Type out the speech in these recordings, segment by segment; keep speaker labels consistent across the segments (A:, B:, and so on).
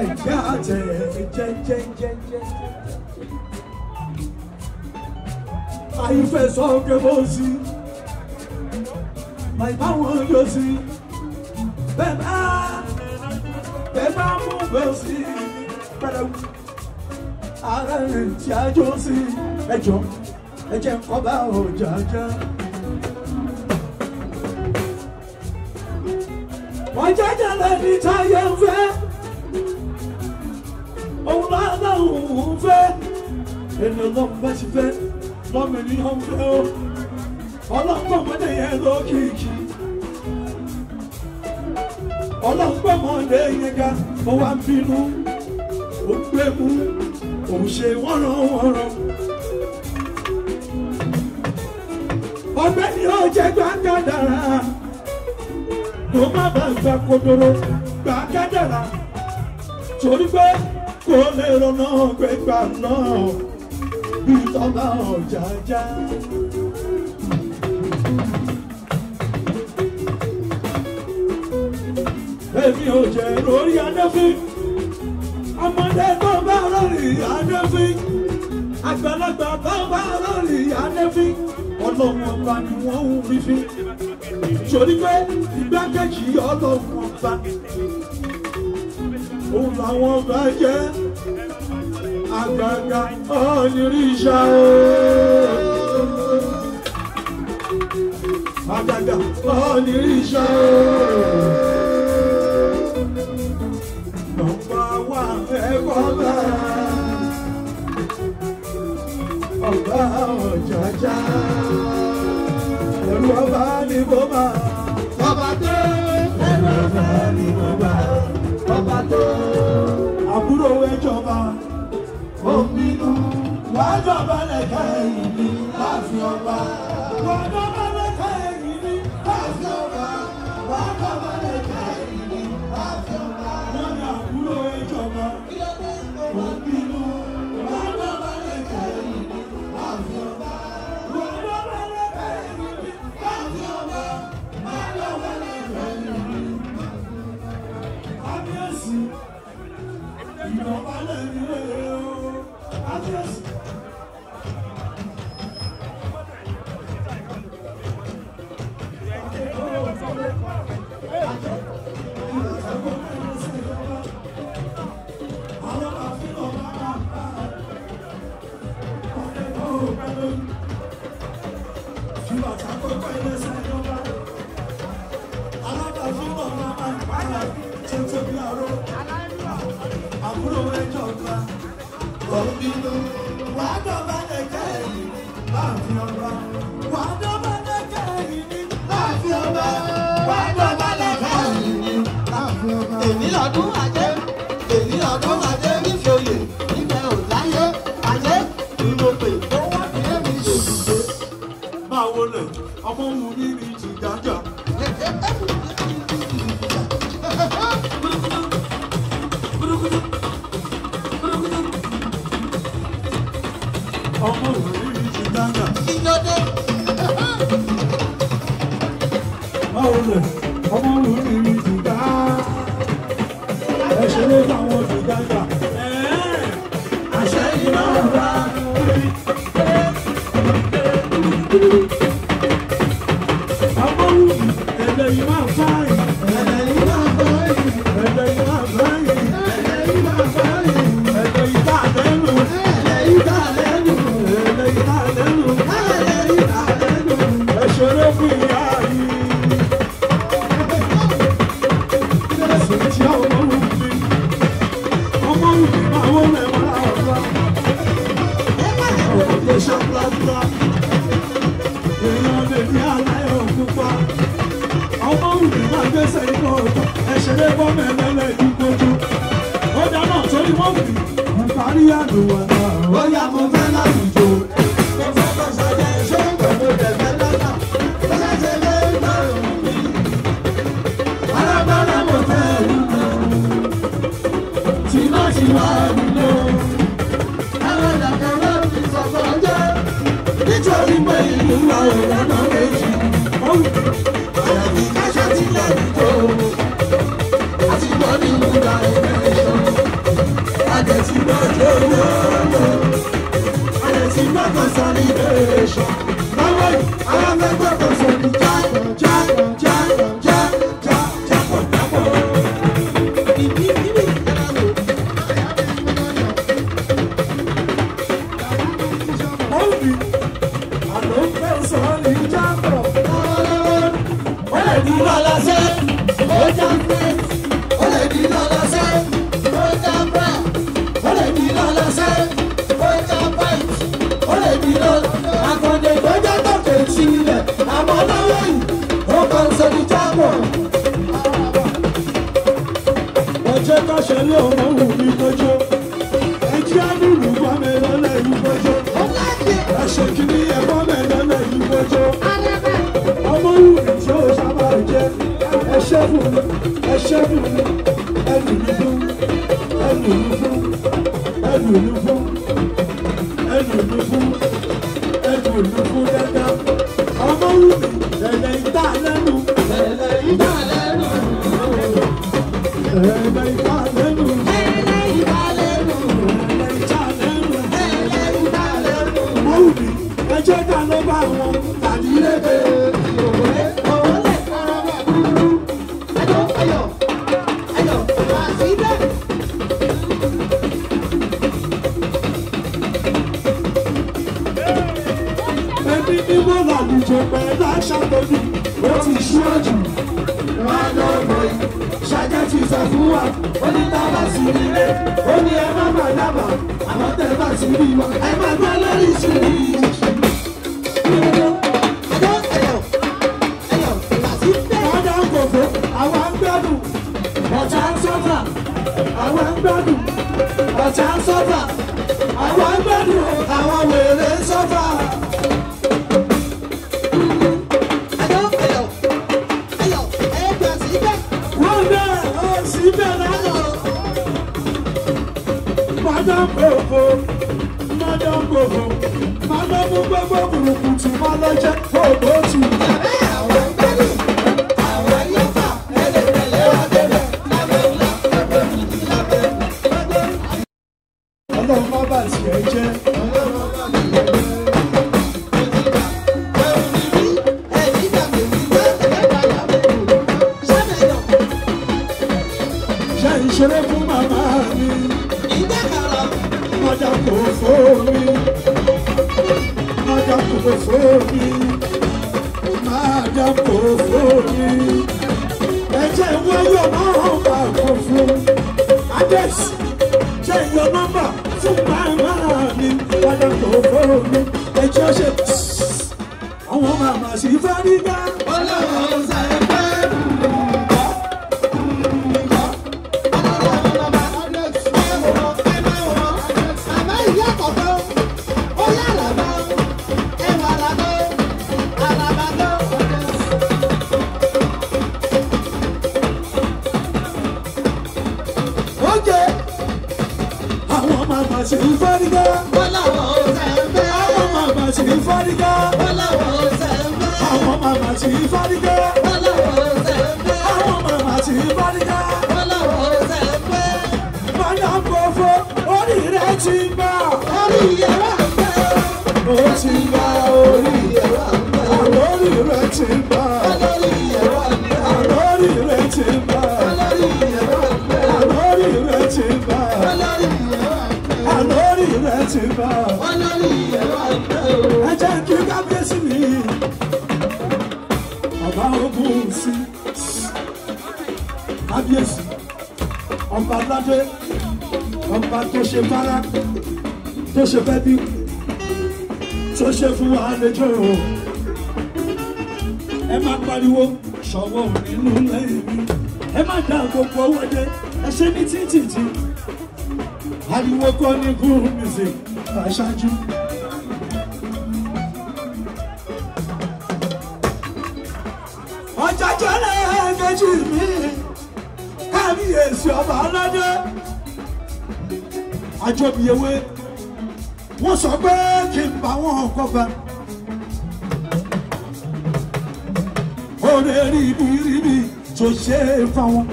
A: ẹ̀jẹ̀ àjẹ́ jẹ́jẹ́jẹ́jẹ́. àyùfẹ́ sọ ọ́kẹ́ bó sí
B: màìbá wọn
A: yọ sí bẹ́ẹ̀ bá bẹ́ẹ̀ bá mú bẹ́ẹ̀ sí pẹ̀lẹ́ ara rẹ̀ tí a jọ sí ẹjọ́ ẹjẹ́ nǹkan bá ọjà jẹ́. wọ́n jẹ́jẹ́ lẹ́ni táyé ń lòun fẹ́ ènìyàn lọ́mọ bá ti fẹ́ lọ́mọ ènìyàn fẹ́ o ọlọ́pàá ọmọdé yẹn lókìkí ọlọ́pàá ọmọdé yẹn ga ó wá ń bínú ó ń gbé mú òun ṣe wọ́nrọ̀wọ́nrọ̀. ọ̀gbẹ́ni ó jẹ́ gbàgádàrà ló má bàa gba kodoro gbàgádàrà torí pé kó lè rọnà gbẹgbà náà bí tọ́lá ọ̀jájá. èmi ò jẹ́ lórí adẹ́fín ọmọdé tó bá rọrì adẹ́fín àgbàlagbà tó bá rọrì adẹ́fín ọlọ́run ọba ni wọ́n ń rí fín torí pé igbákejì ọlọ́run ọba òun làwọn bá jẹ́ àgbààgbà onírìṣà o. àgbààgbà onírìṣà o. nọ́mbà wà ẹ̀kọ́ bẹ́ẹ̀. ọba ọ̀jọ̀jà ẹ̀rù ọba ni bó máa. wàá dọ̀bálẹ̀ kẹ́yìn mi láàfin ọba. wàá dọ̀bálẹ̀ kẹ́yìn mi láàfin ọba. wàá dọ̀bálẹ̀ kẹ́yìn mi láàfin ọba. wọ́n ní àbúrò ìjọba. kí ló dé ìgbọ́ wọn bínú. wàá dọ̀bálẹ̀ kẹ́yìn mi máa wọlé ọmọ wù mí ní jìgájà. ọmọ wù mí ní jìgájà. máa wọlé ọmọ wù mí ní jìgájà. lọ́sẹ̀ ó já pé ó lè ní lọ lọ́sẹ̀ ó já pé ó lè ní lọ lọ́sẹ̀ ó já pé ó lè ní lọ. Àkàndé tó jẹ́ tọ̀kẹ̀ sílẹ̀ àmọ́ lọ́wọ́ yìí ó kàn ṣe ní jábọ̀. Ọjọ́ kọ́ṣẹ́ jẹ ẹ ṣe fún mi ẹ ṣe fún mi ẹ lù mí fún ẹ lù mí fún ẹ lù mí fún ẹ lù mí fún ẹ lù mí fún dáadáa ọmọ wù mí ẹ̀yẹ ìta yìí. ṣe pẹ̀lú àṣà tó ní ó ti ṣú ọ̀jù wọn lọ bọ̀ yìí ṣáájá ti sọ fún wa ó ní tá a bá sí nílé ó ní ẹ má bà dábàá àmọ́ tẹ́ bá sí bí wa ẹ má gbá lórí ìṣèlú yìí. àwa ń gbádùn ọ̀tá ń sọ́fà àwa ń gbádùn ọ̀tá ń sọ́fà àwa ń gbádùn àwọn wèrè ń sọ́fà. síbẹ̀ lánàá. Madam Gbogbo, Madam Gbogbo, Madam Gbogbo gbogbo kùtù máa lọ jẹ́ gbogbo tù. fòfò mi ó máa dá fòfò mi ẹ̀jẹ̀ wọ́yọ̀ máa ń bá fòfò adẹ́sì ṣe yọ nọ́mbà fún màmá mi padà fòfò mi ẹ̀jẹ̀ ọ̀ṣẹ̀ àwọn màmá sì fárígá ọlọ́run. lóúnjẹ àwọn ọmọ àgbàṣe ń fárígá. wọ́n làwọn ò tẹ̀ ń bẹ́. àwọn ọmọ àgbàṣe ń fárígá. wọ́n làwọn ò tẹ̀ ń bẹ́. àwọn ọmọ àgbàṣe ń fárígá. wọ́n làwọn ò tẹ̀ ń bẹ́. àwọn ọmọ àgbàṣe ń fárígá. wọ́n làwọn ò tẹ̀ ń bẹ́. bàdà fọ́fọ́ orí rẹ̀ ti gbà. orí ìyẹ̀wà ń ó ti gbà orí ìyẹ̀wà ń bẹ́. orí rẹ̀ ti gbà. olórí ìyẹ̀wà. bọ̀. wọ́n lọ ní ìyẹ̀wò àgbẹ̀ o. ẹ jẹ́ kí kábíyèsí mi. ọba ogun sí kábíyèsí ọba ládé ọba tó ṣe fara tó ṣe fẹ́ bí tó ṣe fún wa lẹ́jọ́ o. ẹ má pariwo ṣọwọ́ nínú lẹ́yìn mi ẹ má dá gbogbo owó dé ẹ ṣe ní títì tí ariwo kọ́ ní gúrú music aṣáájú. ọjà jẹ́lẹ̀ ẹ̀ẹ́dẹ́jì mi kábíyèsí ọba aládé àjọbíyewé wọ́n sọ pé kí n bá wọn kọfà. oore ribiribi tó ṣe é fáwọn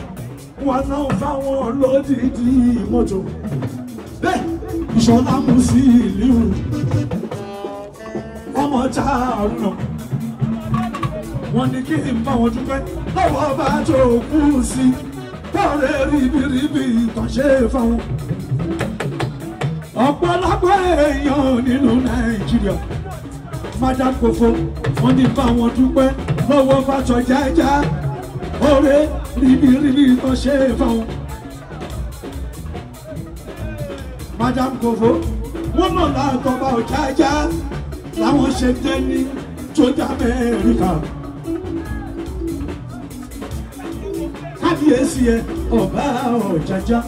A: wọn náà fáwọn lódìdí mọ́tò ṣọlá mú sí ìlú ọmọ Charuna wọ́n ní kí n bá wọn dúpẹ́ lọ́wọ́ ribi tó kú Opa bọ́ọ̀rẹ́ ríbiríbi ìtànṣe fáwọn ọ̀pọ̀lọpọ̀ Madam Kofo wọ́n ní bá wọn dúpẹ́ lọ́wọ́ bá tó ribi ribi ríbiríbi ìtànṣe madam kofo wọn mọ láàtọba ọjájá làwọn ṣe dé ní sójà amẹ́ríkà. kábíyèsí ẹ ọba ọjájá.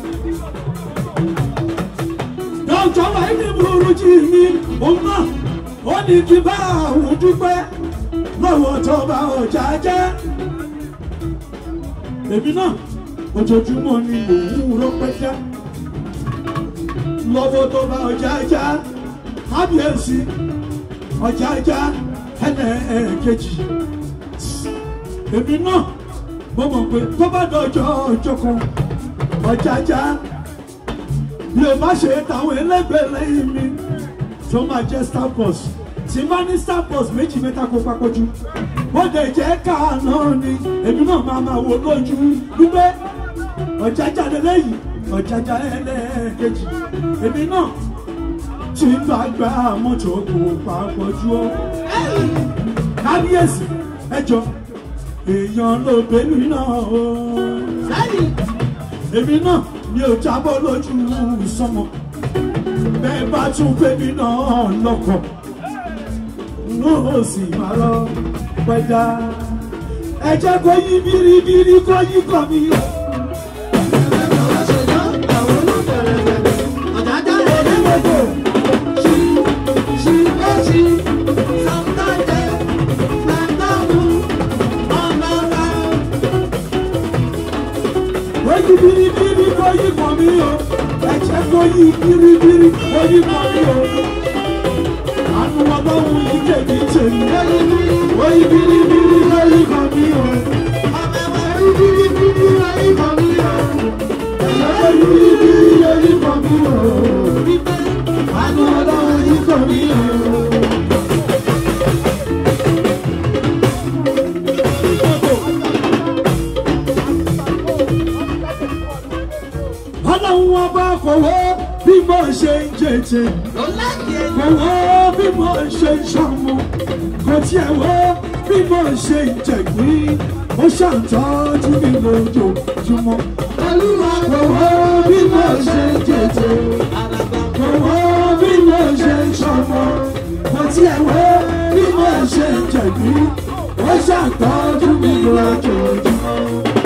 A: dọ́jọ́ wa ní burújí mi òun náà ó ní kí bá àwọn dúpẹ́ lọ́wọ́ tọba ọjájá. èmi náà ojoojúmọ́ ni mò ń rọ́pẹ́ já lọ́fọ́tọ́ba Ọjájá kábíyèsí Ọjájá ẹlẹ́ẹ̀kejì èmi náà mo mọ̀ pé tó bá dọjọ́ ọjọ́ kan Ọjájá bí o bá ṣe tàwọn ẹlẹ́gbẹ̀ẹ́ lẹ́yìn mi tó máa jẹ́ star bus tí má ní star bus méjì mẹ́ta kó papọ̀ jù ó lè jẹ́ káà náà ni èmi náà máa máa wò lójú wípé Ọjájá lẹ́yìn ọ̀jájá ẹlẹ́ẹ̀kejì èmi náà tí ń bá gba mọ́tò kò papọ̀ ju ọ́. kábíyèsí ẹjọ́ èèyàn ló bẹ́lú náà o. èmi náà mi ò jábọ́ lójú sọmọ bẹ́ẹ̀ bá tún bẹ́mi náà lọ́kọ̀ n ó sì máa lọ pẹ́já ẹ jẹ́ kó yí bíríbírí kó yí kọ́ mi mi o ẹ̀jẹ̀ tó yí biribiri ó yí mọ́ mi o àánú ọlọ́run yìí kèmí tèmi ó yí biribiri ó yí mọ́ mi o ó yí biribiri ó yí mọ́ mi o ẹ̀jẹ̀ tó yí biribiri ó yí mọ́ mi o àánú ọlọ́run yìí kèmí o. mo ṣe ń jètè kò wọ́ bí mo ṣe ń ṣàmú kò tiẹ̀ wọ́ bí mo ṣe ń jẹ̀gbín ó ṣàtọ́jú mi lójoojúmọ́ kò wọ́ bí mo ṣe ń jètè kò wọ́ bí mo ṣe ń ṣàmú kò tiẹ̀ wọ́ bí mo ṣe ń jẹ̀gbín ó ṣàtọ́jú mi lójoojúmọ́.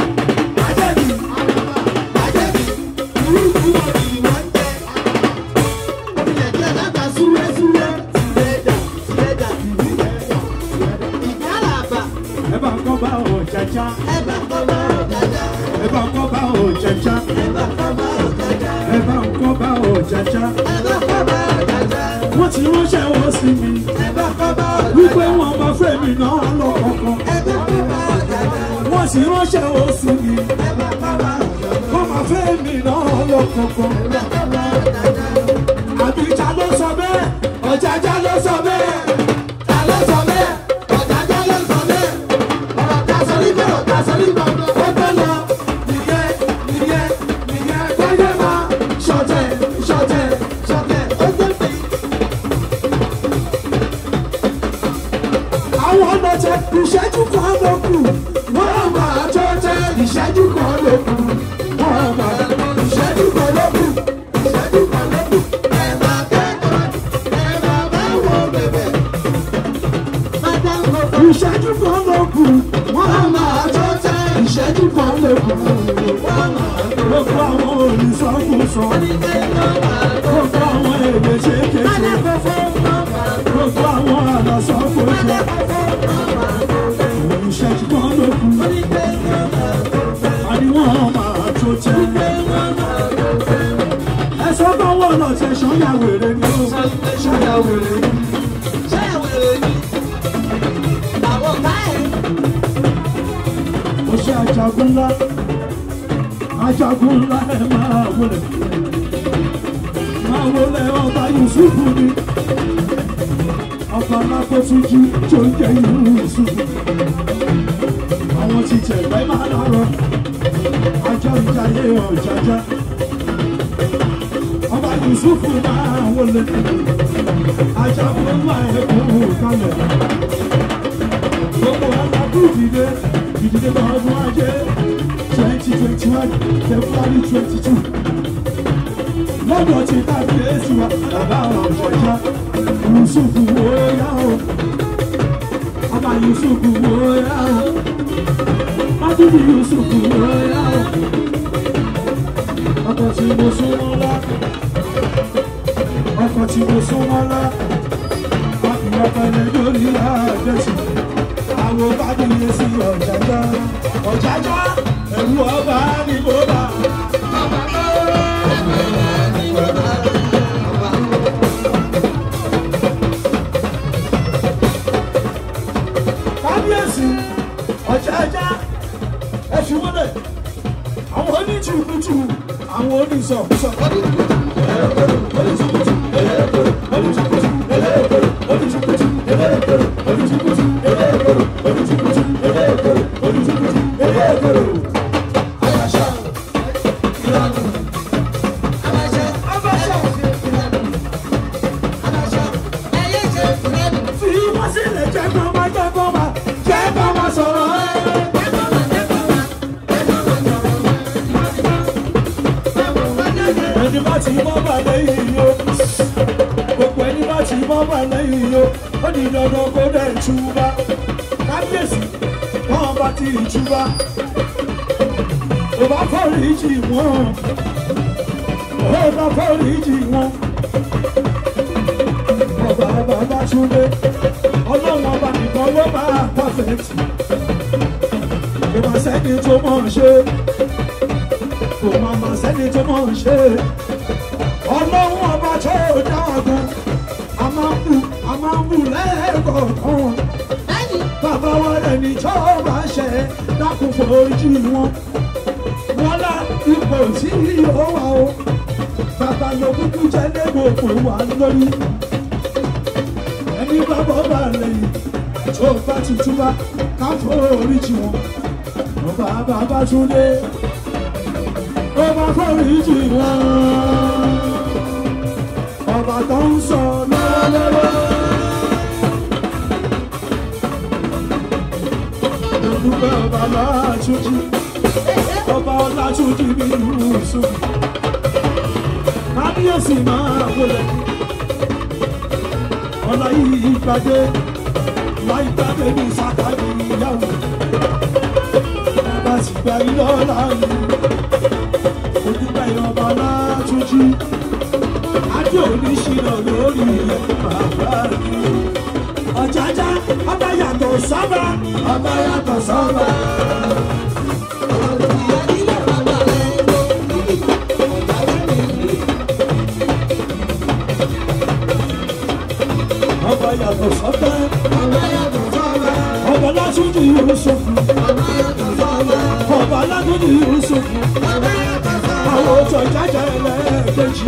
A: pé wọ́n máa fẹ́mi náà lọ́kọ̀ kan. wọ́n sì ránṣẹ́ oṣù mi. wọ́n máa fẹ́mi náà lọ́kọ̀ kan. àbíjà ló sọ bẹ́ẹ̀ ọ̀jájá ló sọ bẹ́ẹ̀. ajagun ńlá ẹ máa wọlé máa wọlé ọba Yusufu ni ọba alákòótújú tó ń jẹ Yusufu àwọn ti jẹgbẹ máa lọrọ ajá ń jayé ọba Yusufu máa wọlé ajagun ẹ kú kalẹ̀ gbogbo alákùn dìde ìdílé bá ọdún ajé twenty twenty one february twenty two lọ́dọ̀ tí kábíyèsí wa bàbá wa ọ̀jọ̀já yusufu wòóyá o bàbá yusufu wòóyá o mátúndì yusufu wòóyá o ọkọ̀ tí mo súnmọ́ lá ọkọ̀ tí mo súnmọ́ lá wọ́n fi àwọn bájúlé sí ọ̀jájá ọ̀jájá ẹ̀rù ọba ní bóbá. kábíyèsí ọ̀jájá ẹ̀ṣù mọ́lẹ̀ àwọn oníjìbìtì àwọn oníṣọ̀kúṣọ̀ oníjìbìtì oníjìbìtì oníjìbìtì. olùtìkùtì èdè èkó olùtìkùtì èdè èkó. abacha ìlànà abacha abacha ìlànà abacha ẹyẹ jẹ ìlànà. fi wọ́n sílẹ̀ jẹ́ kọ́ máa jẹ́ kọ́ máa jẹ́ kọ́ máa sọ̀rọ̀ ẹ́. ẹni bá ti bọ́ bà lẹ́yìn yó gbogbo ẹni bá ti bọ́ bà lẹ́yìn yó ó di dandan kó dẹ̀ túbá kábíyèsí wọn bá ti ìjúbà ò bá foríjì wọn ò bá foríjì wọn ọba bàbá túnde ọlọ́wọ́n ọba nìkan ló máa pàfẹ́tì kò má sẹ́ni tó mọ̀ ṣe kò má má sẹ́ni tó mọ̀ ṣe ọlọ́wọ́n ọba tó dáàgùn a máa ń bù a máa ń bù lẹ́ẹ̀kọ̀ọ̀kan bàbá wa rẹ̀ ní jọba ṣẹ dákun fojú wọn wọn lá ipò tí yóò wà o bàbá ló kúkú jẹ́ lébò kò wà lórí ẹni bàbá ọba lẹ́yìn tó bá ti túbá ká foríjì wọn ọba bàbá túndé ó bá foríjì wọn ọba tó ń sọ lọ́wọ́lọ́wọ́. dúpẹ́ ọba Ọlátúnjí ọba Ọlátúnjí bí yusuf kábíyèsí máa wọlé ọlá yìí gbadé láì gbadé ní sàkàdé ìyàwó bàbá sì gba ilé ọlá yìí ojúgbà ọba Ọlátúnjí adé òní ṣìnà lórí ilẹ̀ bàbá rẹ̀ ọ̀jájá ọba yàtọ̀ sọ́ba ọba yàtọ̀ sọ́ba. ọba yàtọ̀ sọ́ba ọba yàtọ̀ sọ́ba ọba látúndì yóò sọ̀fún ọba yàtọ̀ sọ́ba ọba látúndì yóò sọ̀fún ọba yàtọ̀ sọ́ba àwọn ọjọ́ ìjájà ẹlẹ́ẹ̀kejì.